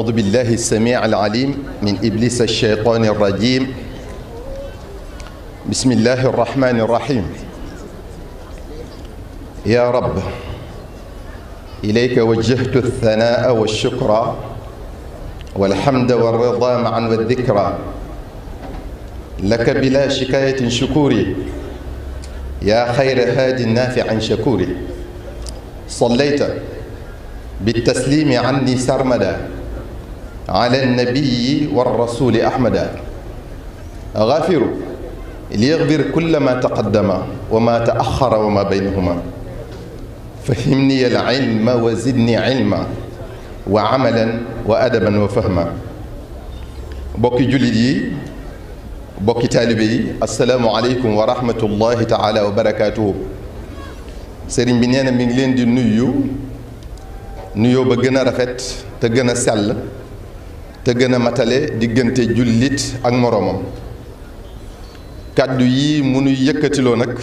أعوذ بالله السميع العليم من إبليس الشيطان الرجيم بسم الله الرحمن الرحيم يا رب إليك وجهت الثناء والشكر والحمد والرضا معا والذكرى لك بلا شكاية شكوري يا خير هاد نافع شكوري صليت بالتسليم عني سرمدا على النبي والرسول أحمد غافر ليغفر كل ما تقدم وما تأخر وما بينهما فهمني العلم وزدني علما وعملا وأدبا وفهما بوكي جلدي بوكي تالبي السلام عليكم ورحمة الله تعالى وبركاته سيرين بنيانا من لين دي نيو نيو di رفت nuyoo سال te gën a matale diggante jullit ak moroomam kàddu yi mu nuy yëkkatiloo nag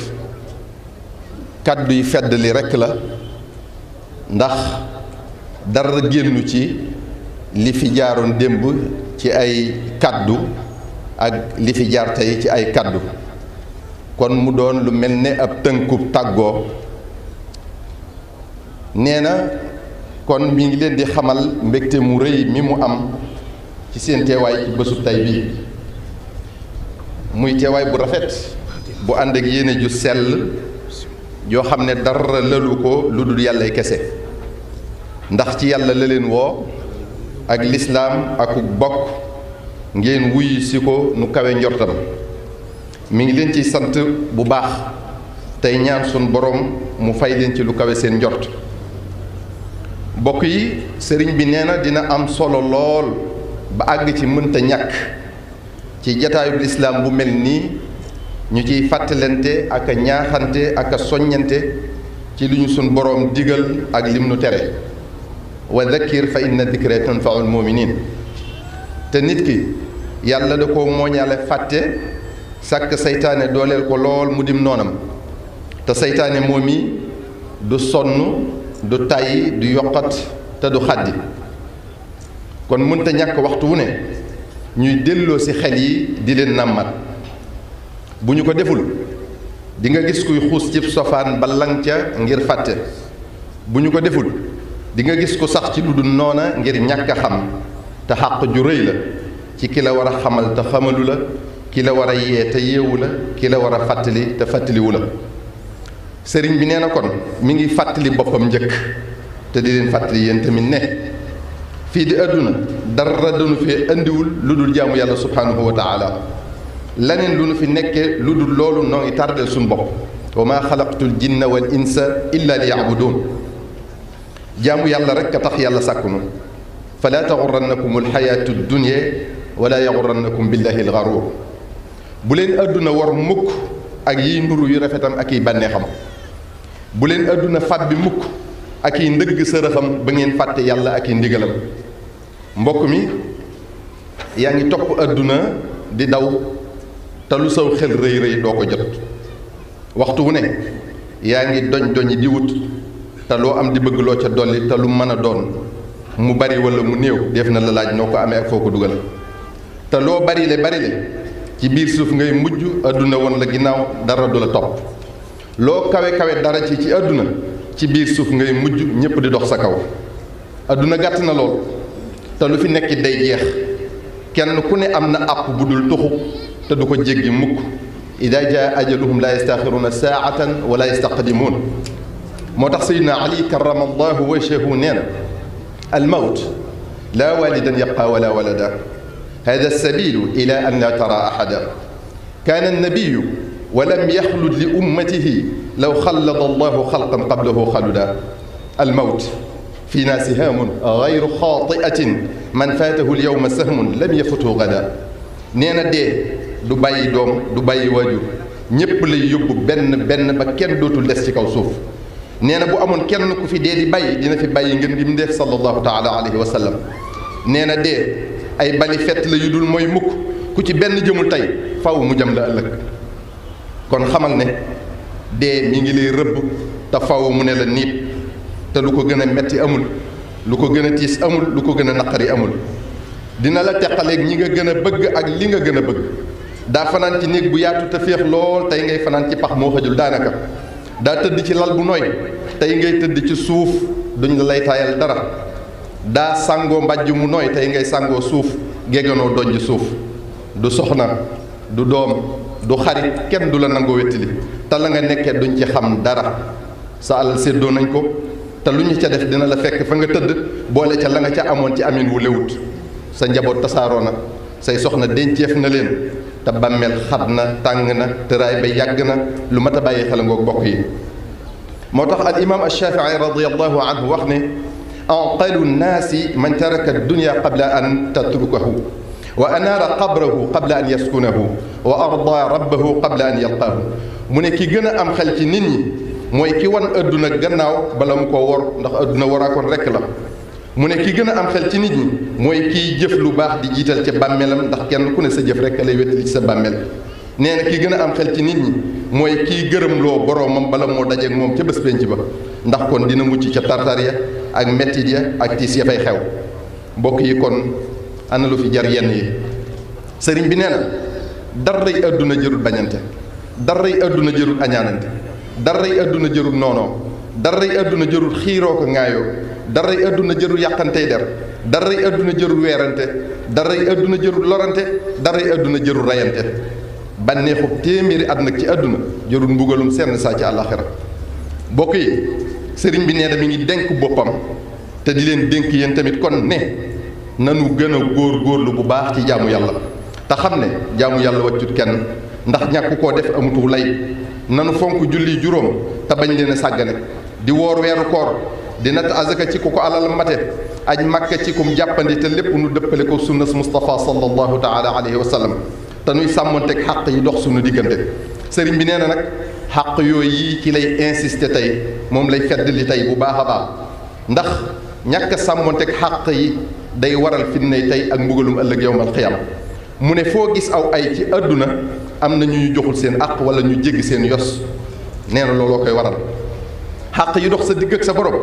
kàddu yi fedd li rekk la ndax dara génnu ci li fi jaaroon démb ci ay kàddu ak li fi jaar tey ci ay kàddu kon mu doon lu mel ne ab tënkub tàggoo nee na kon mi ngi leen di xamal mbegte mu rëy mi mu am ci seen teewaay ci bésub tay bii muy teewaay bu rafet bu ànd ak yéene ju sell yoo xam ne dara lalu ko lu dul yàllay kese ndax ci yàlla la leen woo ak lislaam ak bokk ngeen wuyu si ko nu kawe njortam mi ngi leen ciy sant bu baax tey ñaan sun borom mu fay leen ci lu kawe seen njort bokk yi sëriñ bi nee na dina am solo lool ba àgg ci mënta ñàkk ci jataayu lislaam bu mel nii ñu ciy fàttalante ak a ñaaxante ak a soññante ci li ñu sun borom digal ak lim nu tere wa dhakkir fa inna dhikra tanfaul muminin te nit ki yàlla da ko mooñaale fàtte sàkk seytaane dooleel ko lool mu dim noonam te seytaane moom yi du sonn du tàyyi du yokkat te du xaddi kon mënta ñàkk waxtu wu ne ñuy delloo ci xel yi di leen nàmmat bu ñu ko deful di nga gis kuy xuus cib sofaan ba lang ca ngir fàtte bu ñu ko deful di nga gis ku sax ci lu dul noona ngir ñàkk xam te xàq ju rëy la ci ki la war a xamal te xamalu la ki la war a yee te yeewu la ki la war a fàttali te fàttaliwu la sëriñ bi nee na kon mi ngi fàttali boppam njëkk te di leen fàttali yéen tamit ne في الدنيا دردن في اندول لودو جامو يالله سبحانه وتعالى لنن لون في نك لودو لولو نو يتارد سون بوك وما خلقت الجن والانس الا ليعبدون جامو يالله رك تخ يالله ساكنو فلا تغرنكم الحياه الدنيا ولا يغرنكم بالله الغرور بولين ادنا ور موك اك يي نورو يرفتام اك يي بانيخام بولين ادنا فاد بي موك ak i ndëgg sërëxam ba ngeen fàtte yàlla ak i ndigalam mbokk mi yaa ngi topp àdduna di daw te lu saw xel rëy rëy doo ko jot waxtu wu ne yaa ngi doñ doñi di wut te loo am di bëgg loo ca dolli te lu mën a doon mu bari wala mu néew def na la laaj noo ko amee ak foo ko dugal te loo bari le bari le ci biir suuf ngay mujj àdduna woon la ginnaaw dara du la topp loo kawe kawe dara ci ci àdduna ci bir suuf ngay mujj ñëpp di dox sa kaw aduna gàtt na lool ta lu fi nekk day jeex kenn ku ne amna àpp bu dul tuxu te du ko jéggi mukk ida jaa ajaluhum la yastakhiruna saatan wa la yastaqdimun motax sayyidina ali karama allahu wajhahu nee na almawt laa walidan yabqa wala walada hada sabilu ila an la tara axada kaana annabiyu ولم يخلد لأمته لو خلد الله خلقا قبله خلدا الموت فينا سهام غير خاطئة من فاته اليوم سهم لم يفته غدا نينا دي دبي دوم دبي واجو نيب لي يوب بن بن با كين دوتو ديس سي كاو سوف نينا بو امون كين نكو في ديدي باي دينا في باي نين ديم ديف صلى الله تعالى عليه وسلم نينا دي اي بالي فيت لا يدول موي موك كو بن جيمول تاي فاو مو الك kon xamal ne dee mi ngi lay rëbb te faw mu ne la niib te lu ko gën a metti amul lu ko gën a tiis amul lu ko gën a naqari amul dina la teqaleeg ñi nga gën a bëgg ak li nga gën a bëgg daa fanaan ci néeg bu yaatu te féex lool tey ngay fanaan ci pax moo xëjul daanaka daa tëdd ci lal bu nooy tey ngay tëdd ci suuf duñ la lay taayal dara daa sàngoo mbàjj mu nooy tey ngay sàngoo suuf gegenoo donj suuf du soxna du doom du xarit kenn du la nangoo wettali te la nga nekkee duñ ci xam dara sa alal séddoo nañ ko te lu ñu ca def dina la fekk fa nga tëdd boole ca la nga ca amoon ci amin wu lewut sa njaboot tasaaroo na say soxna denceef na leen te bàmmeel xat na tàng na tëraay ba yàgg na lu mat a bàyyi xel bokk yi moo tax al imam alshafii radiallahu anhu wax ne anqalu yi man taraka dunya qabla an tatrukahu wa anaara qabrahu qabla an yaskunahu wa arda rabbahu qabla an yalqaahu mu ne ki gën a am xel ci nit ñi mooy ki wan adduna gannaaw bala mu ko wor ndax adduna kon rekk la mu ne ki gën a am xel ci nit ñi mooy kiy jëf lu baax di jiital ca bàmmeelam ndax kenn ku ne sa jëf rekk lay wettali ci sa bàmmeel nee na ki gën a am xel ci nit ñi mooy kiy gërëmloo boroomam bala moo dajeek moom ca bés penc ba ndax kon dina mucc ca tartar ya ak mettit ya ak tiis ya yi kon ana lu fi jar yenn yi serigne bi neena na darray àdduna jërul bañante darray àdduna jërul añaanante darray àdduna jërul noonoo darray aduna jeerul xiro ko ŋaayoo darray aduna jeerul yakante der aduna jeerul lorante darray aduna jeerul rayante banexu temiri aduna ci aduna jeerul mbugalum sen sa ci alakhirah bokki serigne bi neena mi ngi denk bopam te di len denk yeen tamit kon ne nanu gëna a góor lu bu baax ci jaamu yàlla ta xamne jaamu yàlla waccut kenn ndax ñak ko def amutu lay nanu fonku julli jurom ta bañ leena a di wor wëru koor di nat azaka ci ko alal mate aj màkka ci kum jàppandi te lépp nu dëppale ko sunnas Mustafa sallallahu taala alayhi wa sallam te samonté ak haq yi dox suñu digënde sëriñ bi nee nak haq yoy yi ci lay insister tay mom lay fedd li bu baaxa ba ndax ndax samonté ak haq yi day waral fitnay tey ak mbugalum ëllëg yowmal xiyam mu ne foo gis aw ay ci àdduna am na ñu joxul seen àq wala ñu jéggi seen yos nee na looloo koy waral xaq yi dox sa digg ak sa borom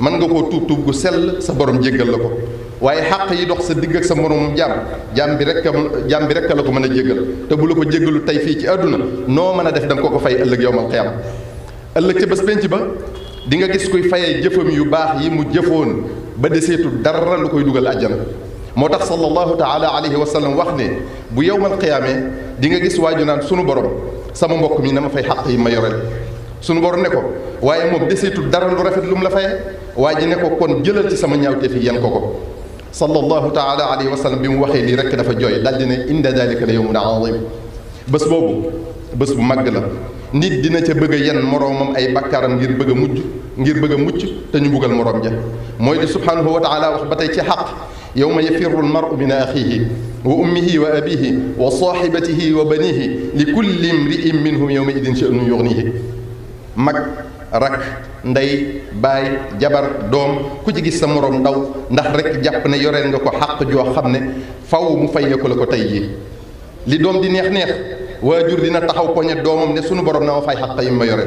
mën nga koo tuub tuub gu sell sa borom jéggal la ko waaye xaq yi dox sa digg ak sa moromum jaam jaam bi rek jaam bi rek la ko mën a jéggal te bu la ko jéggalu tey fii ci àdduna noo mën a def da ko ko fay ëllëg yowmal xiyam ëllëg ca bés penc ba di nga gis kuy fayee jëfam yu baax yi mu jëfoon ba deseetul dara lu koy dugal àjjana moo tax sallallahu taala alayhi wa sallam wax ne bu yowmal qiyaamee di nga gis waaju naan sunu borom sama mbokk mi na ma fay xàq yi ma yoreel sunu borom ne ko waaye moom deseetul dara lu rafet lu mu la fayee waa ji ne ko kon jëlal ci sama ñaawteef yi yan ko ko sallallahu taala alayhi wa sallam bi mu waxee lii rekk dafa jooy daal di ne inda dalika la yowmun azim bés boobu bés bu màgg la nit dina ca bëgg yenn moroomam ay bakkaaram ngir bëgg a ngir bëgg a mucc te ñu buggal moroom ja mooy di subhanahu wa taala wax ba tey ci xaq yawma yafirru almaru min axihi wa ummihi wa abihi wa saaxibatihi wa banihi li kulli imriin minhum yawma idin sha'nun yugnihi mag rak ndey baay jabar doom ku ci gis sa moroom ndaw ndax rek jàpp ne yoreel nga ko xaq joo xam ne faw mu fayee la ko tey jii li doom di neex neex waajur dina taxaw poñe doomam ne sunu borom na ma fay xaq yi ma yore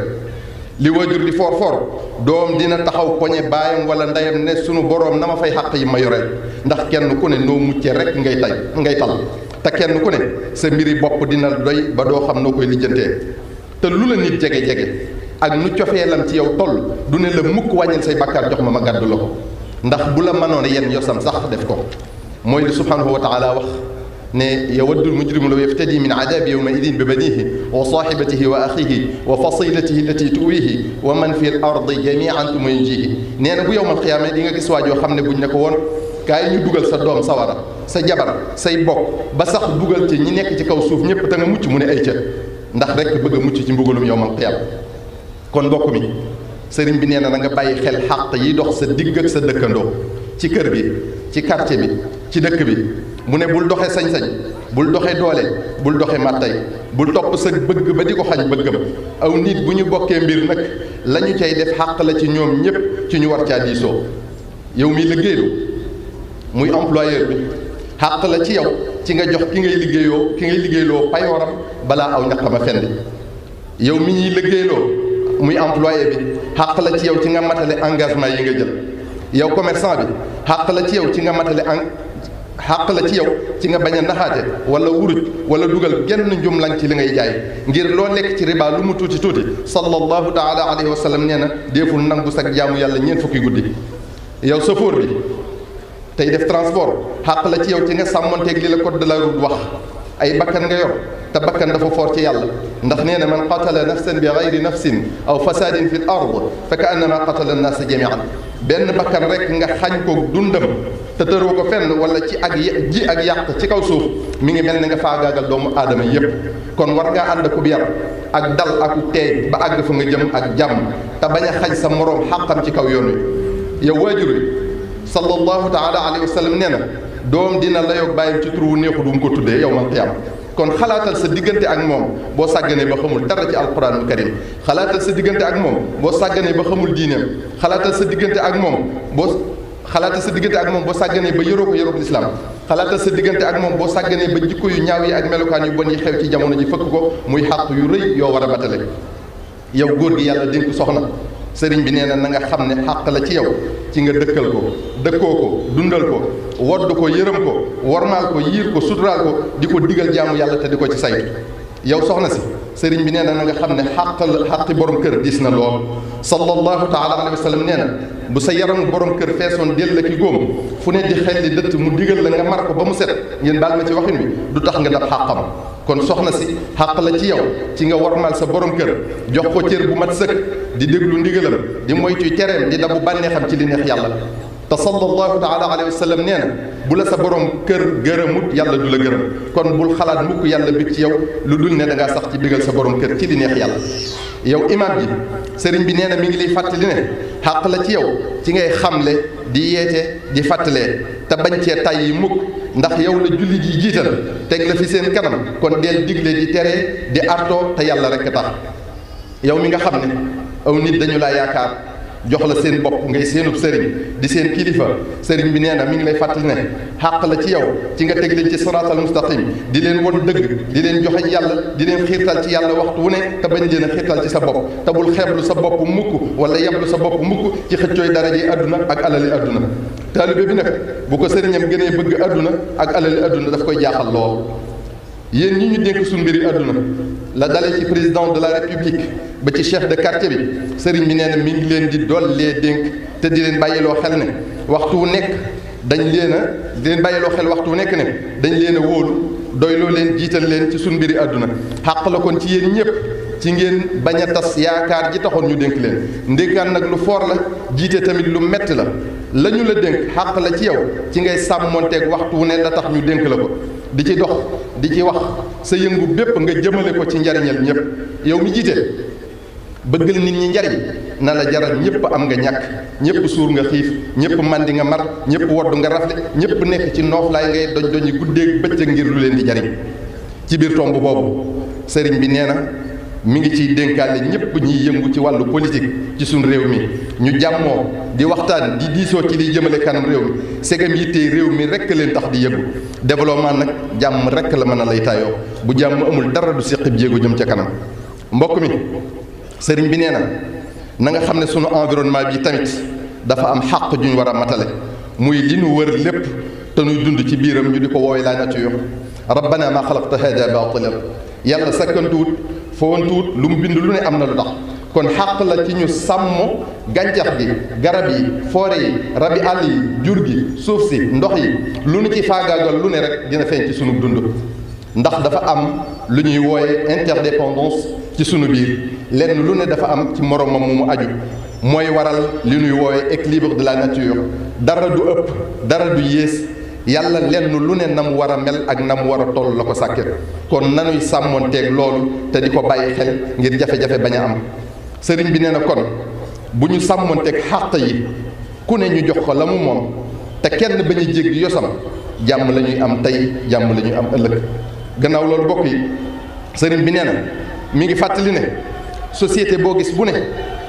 li waajur di foor foor doom dina taxaw poñe baayam wala ndeyam ne sunu boroom na ma fay xaq yi ma yore ndax kenn ku ne noo muccee rek ngay tay ngay tal te kenn ku ne sa mbiri bopp dina doy ba doo xam noo koy lijjantee te lu la nit jege jege ak nu cofeelam ci yow toll du ne la mukk wàññil say bàkkaar jox ma ma gàddu la ko ndax bu la mënoon yenn yosam sax def ko mooy li subhanahu wa taala يود المجرم لو يفتدي من عذاب يومئذ ببنيه وصاحبته وأخيه وفصيلته التي تؤويه ومن في الأرض جميعا ثم ينجيه نيانبو يوم القيامة إنك كسواجو خمنا بنكوون كاي ني دوغال سا دوم سا وارا سا جابار سا بوك با ساخ دوغال تي ني نيك تي كاو سوف نيب تا نا موتي مون ايتيا نداخ ريك بيغا موتي تي مبوغلوم يوم القيامة كون بوكو مي سيرين بي نينا نغا باي خيل حق يي دوخ سا ديغك سا دكاندو تي كير بي تي كارتي بي تي دك بي mu ne bul doxe sañ-sañ bul doxe doole bul doxe màttay bul topp sa bëgg ba di ko xañ bëggam aw nit bu ñu bokkee mbir nag la ñu cay def xàq la ci ñoom ñépp ci ñu war caa diisoo yow mi liggéeylu muy employeur bi xàq la ci yow ci nga jox ki ngay liggéeyoo ki ngay liggéeyloo payooram balaa aw ñaqama fendi yow mi ñuy liggéeyloo muy employé bi xàq la ci yow ci nga matale engagement yi nga jël yow commerçant bi xàq la ci yow ci nga matale xàq la ci yow ci nga bañ a naxaate wala wuruj wala dugal genn njumlañ ci li ngay jaay ngir loo lekk ci riba lu mu tuuti tuuti sallallahu taala alayhi wa sallam nee na deeful nangu sag jaamu yàlla ñeent fukki guddi yow safoor bi tey def transport xàq la ci yow ci nga sàmmonteeg li la code de la route wax ay bakkan nga yor te bakkan dafa foor ci yàlla ndax nee na man qatala nafsan bi gayri nafsin aw fasadin fi l ard fa ka annama qatala annaasa jamian benn bakkan rek nga xañ ko dundam te tëroo ko fenn wala ci ak ji ak yàq ci kaw suuf mu ngi mel ni nga faagaagal doomu aadama yépp kon war nga ànd ku yar ak dal ak teey ba àgg fa nga jëm ak jàmm te bañ a xaj sa moroom xàqam ci kaw yoon wi yow waajur wi sallallahu taala alayhi wa sallam nee na doom dina layoog bàyyi ci tur wu neexu du mu ko tuddee yow man xiyaam kon xalaatal sa diggante ak moom boo sàgganee ba xamul dara ci alquranul karim xalaatal sa diggante ak moom boo sàgganee ba xamul diineem xalaatal sa diggante ak moom xalaatal sa diggante ak moom boo sàgganee ba yoroo ko yoroo lislaam xalaatal sa diggante ak moom boo sàgganee ba jikko yu ñaaw yi ak melokaan yu bon yi xew ci jamono ji fëkk ko muy xàq yu rëy yoo war a batale yow góor gi yàlla dénk soxna sëriñ bi nee na na nga xam ne xàq la ci yow ci nga dëkkal ko dëkkoo ko dundal ko wodd ko yërëm ko wormaal ko yiir ko suturaal ko di ko digal jaamu yàlla te di ko ci saytu yow soxna ci serigne bi neena nga xamne haqqal xàq borom keur gis na lool sallallahu taala alayhi wasallam neena bu sa yaram borom keur feesoon del la ki gom fu ne di xel di dëtt mu digel la nga mar ko ba mu set ngeen dal ma ci waxin bi du tax nga dab haqqam kon soxna ci haqq la ci yow ci nga warmal sa borom keur jox ko cër bu mat seuk di déglu ndigalam di moytu terem di dabu banexam ci li neex yàlla تصلى الله تعالى عليه وسلم نينا بولا na bu la sa borom kër gërëmut yàlla du la gërëm kon bul xalaat mukk yàlla bi ci yow lu dul ne da ngaa sax ci bégal sa بي kër ci li neex لي yow imaam ji sëriñ bi تي na mi ngi lay دي ne xàq la ci yow ci ngay ndax yow la julli ji jital tek la fi sen kanam kon del digle di tere di arto ta yàlla rek tax yow mi nga xamne aw nit dañu la yaakaar جوخ لا سين بوب غاي سينوب سيرين دي سين كليفا سيرين بي نينا مي لاي فاتل ني حق لا تي ياو تيغا تيغ لين تي صراط المستقيم دي لين وون دغ دي لين جوخ يالا دي لين خيرتال تي يالا وقت وني تا بن دينا خيرتال تي سا بوب تا بول خيبل سا بوب موكو ولا يبل سا بوب موكو تي خيتوي دراجي ادنا اك علالي ادنا طالب بي نك بوكو سيرين يم غني بغ ادنا اك علالي ادنا داف كوي جاخال لول yéen ñi ñu dénk suñu mbiri àdduna la dale ci président de la république ba ci chef de quartier bi sëriñ bi nee mi ngi leen di dollee dénk te di leen bàyyiloo xel ne waxtu wu nekk dañ leen a di leen bàyyiloo xel waxtu wu nekk ne dañ leen a wóolu doyloo leen jiital leen ci suñu mbiri àdduna xàq la kon ci yéen ñëpp. ci ngeen bañ a tas yaakaar ji taxoon ñu dénk leen ndénkaan nag lu for la jiite tamit lu metti la la ñu la dénk xàq la ci yow ci ngay sàmmonteeg waxtu wu ne la tax ñu dénk la ko di ci dox di ci wax sa yëngu bépp nga jëmale ko ci njariñal ñëpp yow mi jiite bëggal nit ñi njariñ na la jaral ñëpp am nga ñàkk ñëpp suur nga xiif ñëpp mandi nga mar ñëpp wodd nga rafle ñëpp nekk ci nooflaay ngay doj doñi guddeeg bëccëg ngir lu leen di jariñ ci biir tomb boobu sëriñ bi nee mi ngi ciy dénkaale ñëpp ñiy yëngu ci wàllu politique ci suñ réew mi ñu jàmmoo di waxtaan di diisoo ci liy jëmale kanam réew mi segam yittee réew mi rekk leen tax di yëngu développement nag jàmm rekk la mën a lay tayoo bu jàmm amul dara du séqib jéego jëm ca kanam mbokk mi sëriñ bi nee na na nga xam ne sunu environnement bi tamit dafa am xàq juñ war a matale muy li nu wër lépp te nuy dund ci biiram ñu di ko woowee la nature rabbana ma xalaqta hada batila yàlla sakkantuwut foowantuwut lu mu bind lu ne am na lu tax kon xàq la ci ñu sàmm gàncax gi garab yi foore yi rabi àll yi jur gi suuf si ndox yi lu nu ci faagaagal lu ne rek dina feeñ ci sunu dund ndax dafa am lu ñuy wooye interdépendance ci sunu biir lenn lu ne dafa am ci moromam mu mu aju mooy waral li ñuy wooye équilibre de la nature dara du ëpp dara du yées yàlla lenn lu ne na mu war a mel ak na mu war a toll la ko sàkkee kon nanuy sàmmoonteeg loolu te di ko bàyyi xel ngir jafe-jafe bañ a am sëriñ bi nee na kon bu ñu sàmmoonteeg xàq yi ku ne ñu jox ko la mu moom te kenn bañ a jéggi yosam jàmm lañuy am tey jàmm la ñuy am ëllëg gannaaw loolu bokk yi sëriñ bi nee na mi ngi fàttali ne société boo gis bu ne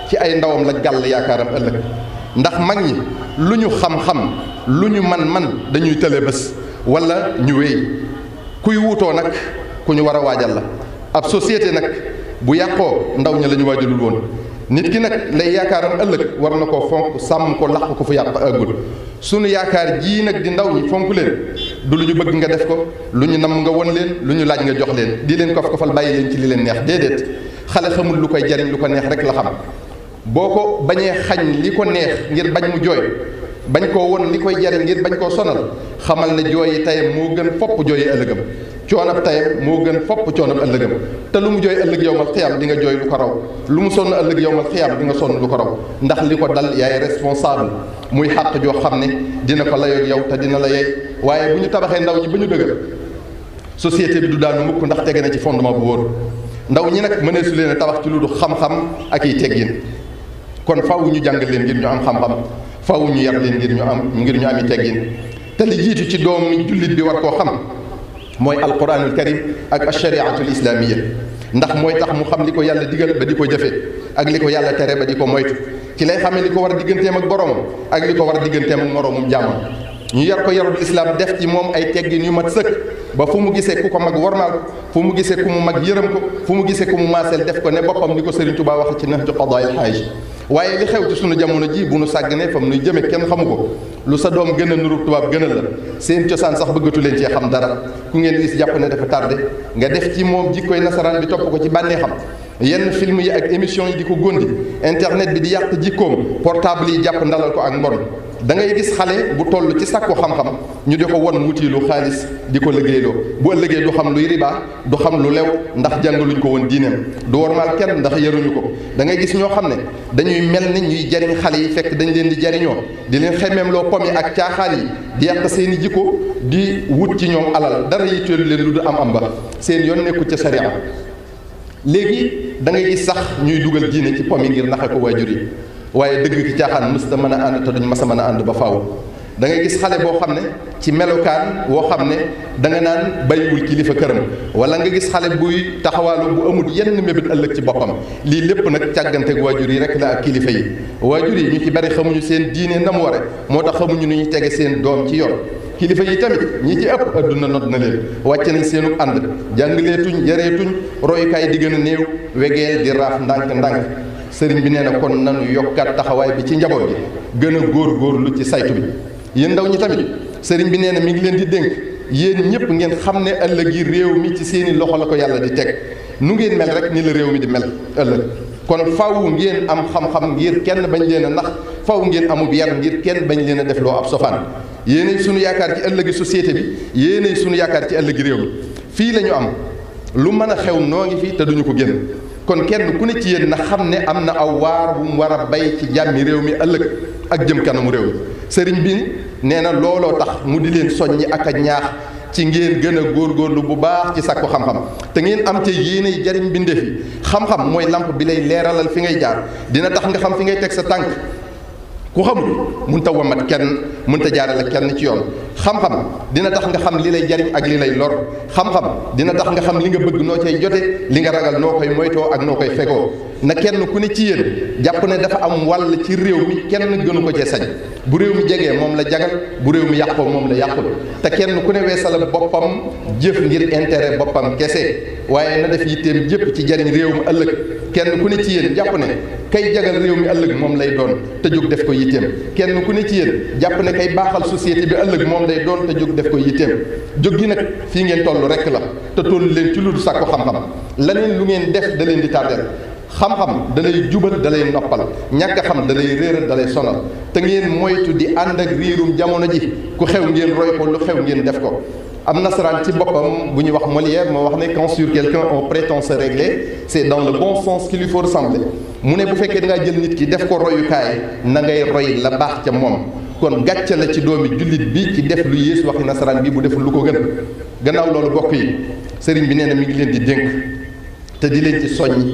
ci ay ndawam la gàll yaakaaram ëllëg ndax mag ñi lu ñu xam-xam lu ñu man man dañuy tële bés wala ñu wéy kuy wuutoo nag ku ñu war a waajal la ab société nag bu yàqoo ndaw ñi la ñu waajalul woon nit ki nag lay yaakaaram ëllëg war na koo fonk sàmm ko laq ko fu yàq ëggul sunu yaakaar jii nag di ndaw ñi fonk leen du lu ñu bëgg nga def ko lu ñu nam nga won leen lu ñu laaj nga jox leen di leen kof kofal bàyyi leen ci li leen neex déedéet xale xamul lu koy jariñ lu ko neex rek la xam boo ko bañee xañ li ko neex ngir bañ mu jooy bañ koo won li koy jariñ ngir bañ koo sonal xamal ne jooyi tayam moo gën fopp jooyi ëllëgam coonab tayam moo gën fopp coonab ëllëgam te lu mu jooy ëllëg yowmal xiyaam di nga jooy lu ko lu mu sonn ëllëg yow xiyaam di dinga sonn lu ko raw ndax li ko dal yaay responsable muy xàq joo xam ne dina ko layoog yow te dina la yey waaye bu ñu tabaxee ndaw ñi ba ñu dëgër société bi du daanu mukk ndax tege na ci fondement bu wóor ndaw ñi nag mënee leen a tabax ci lu dul xam-xam ak i teggin kon faaw ñu leen ngir ñu xam-xam faw ñu yar leen ngir ñu am ngir ñu ami teggin te li jiitu ci doomu jullit bi war koo xam mooy alquranul karim ak ashariatul islamiyya ndax mooy tax mu xam li ko yàlla digal ba di ko jëfe ak li ko yàlla tere ba di ko moytu ci lay xamee li ko war digganteem ak borom ak li ko war digganteem ak moroomum jàmmam ñu yar ko yarul islam def ci moom ay teggin yu mat sëkk ba fu mu gisee ku ko mag warmaal ko fu mu gisee ku mu mag yërëm ko fu mu gisee ku mu maaseel def ko ne boppam ni ko Serigne Touba wax ci Nahju Qadaa'il Haaj waaye li xew ci sunu jamono ji bu nu sàgganee fam nuy jëme kenn xamu ko lu sa doom gën a nuru tubaab gën a la seen cosaan sax bëggatu leen cee xam dara ku ngeen gis jàpp ne dafa tardé nga def ci moom jikkoy nasaraan bi topp ko ci bànnee xam yenn film yi ak émission yi di ko góndi internet bi di yàq jikkoom portable yi jàpp ndalal ko ak mbon da ngay gis xale bu toll ci sàkku xam-xam ñu di ko won wutiilu xaalis di ko liggéeyloo bu ëllëgee du xam luy riba du xam lu lew ndax luñ ko woon diineem du warmaal kenn ndax yaruñu ko da ngay gis ñoo xam ne dañuy mel ni ñuy jariñ xale yi fekk dañu leen di jariñoo di leen xemmeemloo pom yi ak caaxaan yi di yàq seen i jikko di wut ci ñoom alal dara yitteelu leen lu du am am ba seen yoon nekkul ca sariya léegi dangay gis sax ñuy dugal diine ci pom yi ngir naxe ko waajur yi waaye dëgg ki caaxaan mës ta mën a ànd te duñ mas a mën a ànd ba faaw da gis xale boo xam ne ci melokaan woo xam ne da nga naan bàyyiwul kilifa këram wala nga gis xale buy taxawaalu bu amul yenn mébét ëllëg ci boppam lii lépp nag càgganteeg waajur yi rek la ak kilifa yi waajur yi ñu ci bari xamuñu seen diine na mu ware moo tax xamuñu nu ñuy tege seen doom ci yoon kilifa yi tamit ñi ci ëpp adduna not na leen wàcc nañ seenu ànd jàngaleetuñ yareetuñ royukaay di gën a néew wegeel di raaf ndànk-ndànk sëriñ bi nee na kon nanu yokkaat taxawaay bi ci njaboot gi gën a góor góorlu ci saytu bi yéen ndaw ñi tamit sëriñ bi nee na mi ngi leen di dénk yéen ñëpp ngeen xam ne ëllëg yi réew mi ci seeni loxo la ko yàlla di teg nu ngeen mel rek ni la réew mi di mel ëllëg kon faw ngeen am xam-xam ngir kenn bañ leen a nax faw ngeen amub yar ngir kenn bañ leen a def loo ab sofaan yéenay sunu yaakaar ci ëllëgi société bi yéenay sunu yaakaar ci ëllëgi réew mi fii la am lu mën a xew noo ngi fi te duñu ko génn kon kenn ku ne ci yéen na xam ne am na aw waar bu mu war a bay ci jàmmi réew mi ëllëg ak jëm kanamu réew mi sëriñ bi nee na looloo tax mu di leen soññ ak a ñaax ci ngeen gën a góorlu bu baax ci sàkku xam-xam te ngeen am ci yéenay jariñ bindeef yi xam-xam mooy lamp bi lay leeralal fi ngay jaar dina tax nga xam fi ngay teg sa tànk ku xamul mënta wamat kenn mënta jaarale kenn ci yoon xam-xam dina tax nga xam li lay jariñ ak li lay lor xam-xam dina tax nga xam li nga bëgg noo cay jote li nga ragal noo koy moytoo ak noo koy fegoo na kenn ku ne ci yéen jàpp ne dafa am wàll ci réew mi kenn gënu ko cee sañ bu réew mi jegee moom la jagal bu réew mi yàqoo moom la yàqul te kenn ku ne weesala boppam jëf ngir intérêt boppam kese waaye na def yitteem jëpp ci jariñ réew mi ëllëg kenn ku ne ci yéen jàpp ne kay jagal réew mi ëllëg moom lay doon te jóg def ko yitteem kenn ku ne ci yéen jàpp ne kay baaxal société bi ëllëg moom moom day doon te jóg def ko yitteem jóg gi nag fii ngeen toll rek la te toll leen ci lu dul sàkku xam-xam laneen lu ngeen def da leen di tardel xam-xam da lay jubal da lay noppal ñàkk a xam da lay réeral da lay sonal te ngeen moytu di ànd ak riirum jamono ji ku xew ngeen roy ko lu xew ngeen def ko am nasaraan ci boppam bu ñuy wax Molière moo wax ne quand sur quelqu'un on prétend se régler c'est dans le bon sens qu'il lui faut ressembler mu ne bu fekkee da ngaa jël nit ki def ko royukaay na ngay roy la baax ca moom kon gàcce la ci doomi jullit bi ci def lu yées waxi nasaraan bi bu deful lu ko gën gannaaw loolu bokk yi sëriñ bi nee na mi ngi leen di dénk te di leen ci soññ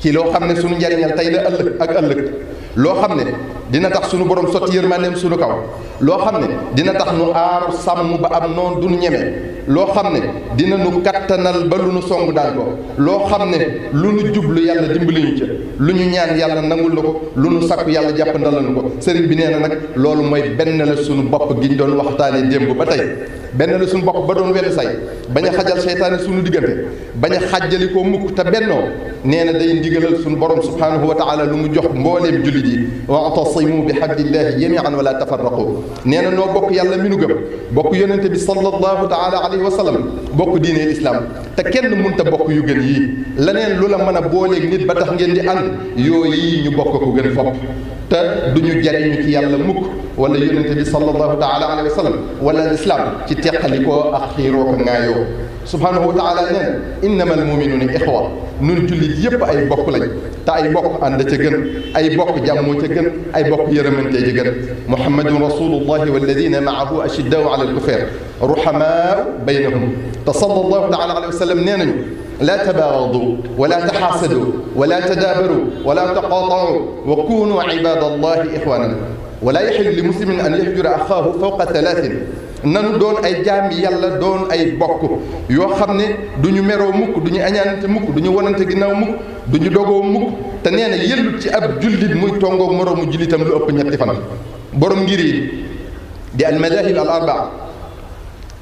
ci loo xam ne sunu njariñal tey la ëllëg ak ëllëg loo xam ne dina tax sunu borom sotti yërmandeem sunu kaw loo xam ne dina tax nu aar sàmm ba am noon du nu ñeme loo xam ne dina nu kattanal ba lu nu song daan ko loo xam ne lu nu jublu yàlla dimbali ñu ca lu ñu ñaan yàlla nangul na ko lu nu sakku yàlla jàpp ndalanu ko sëriñ bi nee na nag loolu mooy benn la sunu bopp gi ñu doon waxtaane démb ba tey benn la suñu bopp ba doon wenn say bañ a xajal seytaane sunu diggante bañ a xajjali koo mukk te bennoo nee na day ndigalal suñu borom subhanahu wa taala lu mu jox mbooleem jullit yi واعتصموا بحبل الله جميعا ولا تفرقوا نينا نو بوك يالا مينو گم بوك يونتي بي صلى الله تعالى عليه وسلم بوك دين الاسلام تا كين مونتا بوك يو گن يي لنين لولا مانا بوليك نيت با تخ گين دي and يو يي ني بوك كو گن فوب te duñu jariñu ci yàlla mukk wala yonente bi sallallahu taala alayhi wa sallam wala lislaam ci teqalikoo ak xiiroo ko ŋaayoo subhanahu wa taala neen innama almuminuuna ixwa nun jullit yépp ay bokk lañ te ay bokk ànd ca gën ay bokk jàmmoo ca gën ay bokk yërëmante ca gën muhammadun rasulullahi walladina maahu ashiddaau ala alkufar ruhamaau baynahum te sallallahu taala alayhi wa sallam nee nañu لا تباغضوا ولا تحاسدوا ولا تدابروا ولا تقاطعوا وكونوا عباد الله اخوانا ولا يحل لمسلم ان يحجر اخاه فوق ثلاث نانو دون اي جام يلا دون اي بوك يو خامني دونيو ميرو موك دونيو انيانت موك دوني وننت غيناو موك دونيو دوغو موك تا نينا يلو تي اب جولديت موي تونغو مروم جوليتام لو اوب نياتي فان بوروم غيري دي المذاهب الاربعه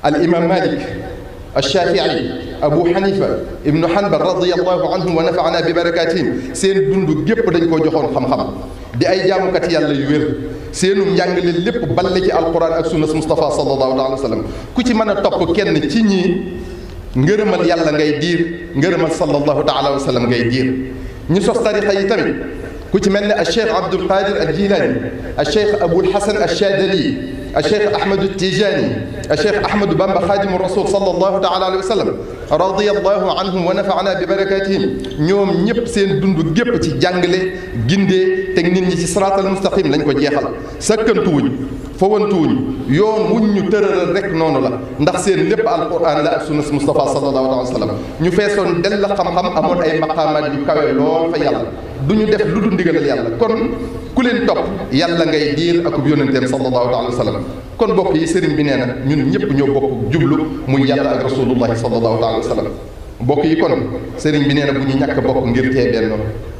الامام مالك الشافعي Abu Hanifa ibnu Hanbal radiyallahu anhu wa nafaana bi barakatihim seen dund gépp dañ koo joxoon xam-xam di ay jaamukat yàlla yu wér seenum njàngale lépp balle ci alquran ak sunna Mustafa sallallahu alayhi wa sallam ku ci mën a topp kenn ci ñii ngërëmal yàlla ngay diir ngërëmal sallallahu taala wa sallam ngay diir ñu sos tarixa yi tamit ku ci mel ne al cheikh Abdul Qadir al Jilani al cheikh Abul Hasan al Chadali الشيخ أحمد التيجاني الشيخ أحمد بامبا خادم الرسول صلى الله تعالى عليه وسلم رضي الله عنهم ونفعنا ببركاتهم ñoom ñëpp seen dund gépp ci jàngale gindee teg nit ñi ci siraatal mustaqim lañ ko jeexal sëkkantuwuñ fawantuwuñ yoon wuñ ñu tëralal rek noonu la ndax seen lépp alquran la ak sunna Mustafa sallallahu alayhi wa sallam ñu feesoon del la xam-xam amoon ay maqaamaat yu kawe lool fa yàlla du ñu def lu dul ndigalal yàlla kon ku leen topp yàlla ngay diir akub yónnenteem sallallahu alayhi wa sallam kon bokk yi sëriñ bi nee na ñun ñëpp ñoo bokk jublu muy yàlla ak rasulullahi sallallahu alayhi wa sallam bokk yi kon sëriñ bi nee na bu ñu ñàkk bokk ngir tee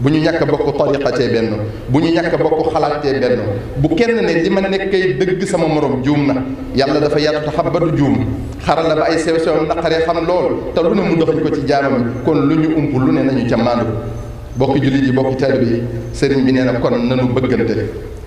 bu ñu ñàkk bokk tariqa tee benn bu ñu ñàkk bokk xalaat tee benn bu kenn ne li ma nekkay dëgg sama moroom juum na yàlla dafa yaatu taxabatu juum xarala ba ay sew sew naqaree xam lool te lu ne mu doxañ ko ci jaamam kon lu ñu ump lu ne nañu ca maandu bokki jullit yi bokki taalibe yi sëriñ bi nee na kon nanu bëggante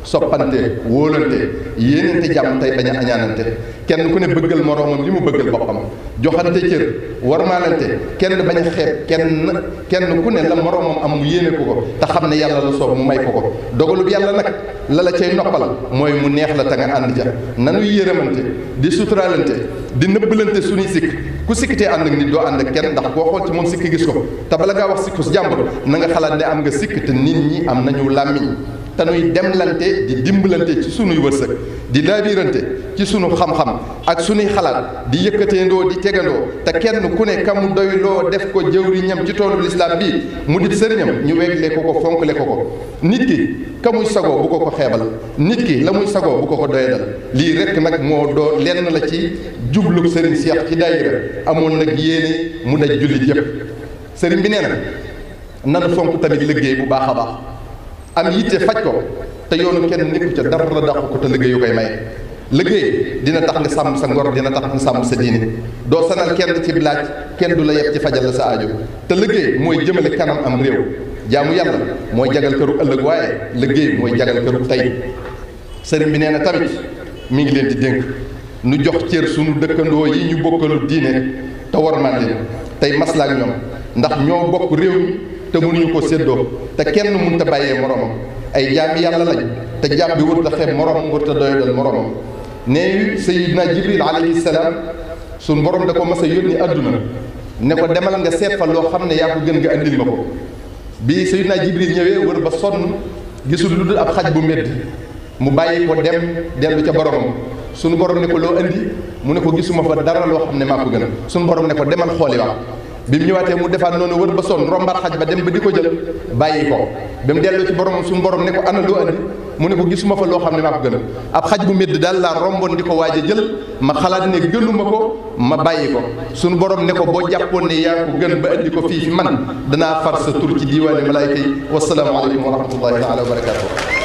soppante wóolante yéenante jàmm tey bañ a añaanante kenn ku ne bëggal moroomam li mu bëggal boppam joxante cër warmaalante kenn bañ a xeet kenn kenn ku ne la moroomam am mu yéene ko ko te xam ne yàlla la soob mu may ko ko dogalub yàlla nag la la cay noppal mooy mu neex la te nga ànd ja nanuy yërëmante di suturaalante di nëbbalante suñuy sikk ku sikkitee ànd ak nit doo ànd ak kenn ndax koo xool ci moom sikk gis ko te bala ngaa wax sikku jàmbur na nga xalaat ne am nga sikk te nii ñi am nañu làmmiñ te nuy demlante di dimbalante ci sunuy wërsëg di laabirante ci sunu xam-xam ak sunuy xalaat di yëkkateendoo di tegandoo te kenn ku ne kamu doy loo def ko jëwriñam ci toolu lislaam bii mu di sëriñam ñu wegle ko ko fonkle ko ko nit ki ka muy sagoo bu ko ko xeebal nit ki la muy sagoo bu ko ko doyadal lii rekk nag moo doo lenn la ci jublu sëriñ Cheikh ci daayira amoon nag yéene mu daj jullit yëpp sëriñ bi nee na nan fonk tamit liggéey bu baax a baax am yitte faj ko te yoonu kenn nekku ca dara la dàq ko te liggéeyu koy may liggéey dina tax nga sàmm sa ngor dina tax nga sàmm sa diine doo sanal kenn ci laaj kenn du la yeb ci fajal la sa aajo te liggéey mooy jëmale kanam am réew jaamu yàlla mooy jagal këru ëllëg waaye liggéey mooy jagal këru tey sëriñ bi nee na tamit mu ngi leen di dénk nu jox cër sunu dëkkandoo yi ñu bokkalu diine te war man leen tey maslaak ñoom ndax ñoo bokk réew mi te mënuñu ko séddoo te kenn mënut a bàyyee moromam ay jaami yàlla lañ te jaam bi wërta xeeb moromam wërta doyadal moromam nee Seydina Jibril alayhi salaam suñ borom da ko mas a yónni àdduna ne ko demal nga seet fa loo xam ne yaa ko gën nga andil ma ko bi Seydina Jibril ñëwee wër ba sonn gisul lu dul ab xaj bu métti mu bàyyi ko dem dellu ca boromam suñu borom ne ko loo andi mu ne ko gisuma fa dara loo xam ne maa ko gën a suñu borom ne ko demal bi mu ñëwaatee mu defaat noonu wër ba sonn rombaat xaj ba dem ba di ko jël bàyyi ko ba mu delloo ci borom suñu borom ne ko ana loo andi mu ne ko gisuma fa loo xam ne maa ko gënal ab xaj bu médd daal laa romboon di ko waaj jël ma xalaat ne gënuma ko ma bàyyi ko suñu borom ne ko boo jàppoon ne yaa ko gën ba andi ko fii fi man danaa far sa tur ci diiwaani malaayka yi wasalaamu aleykum wa rahmatullahi taala wa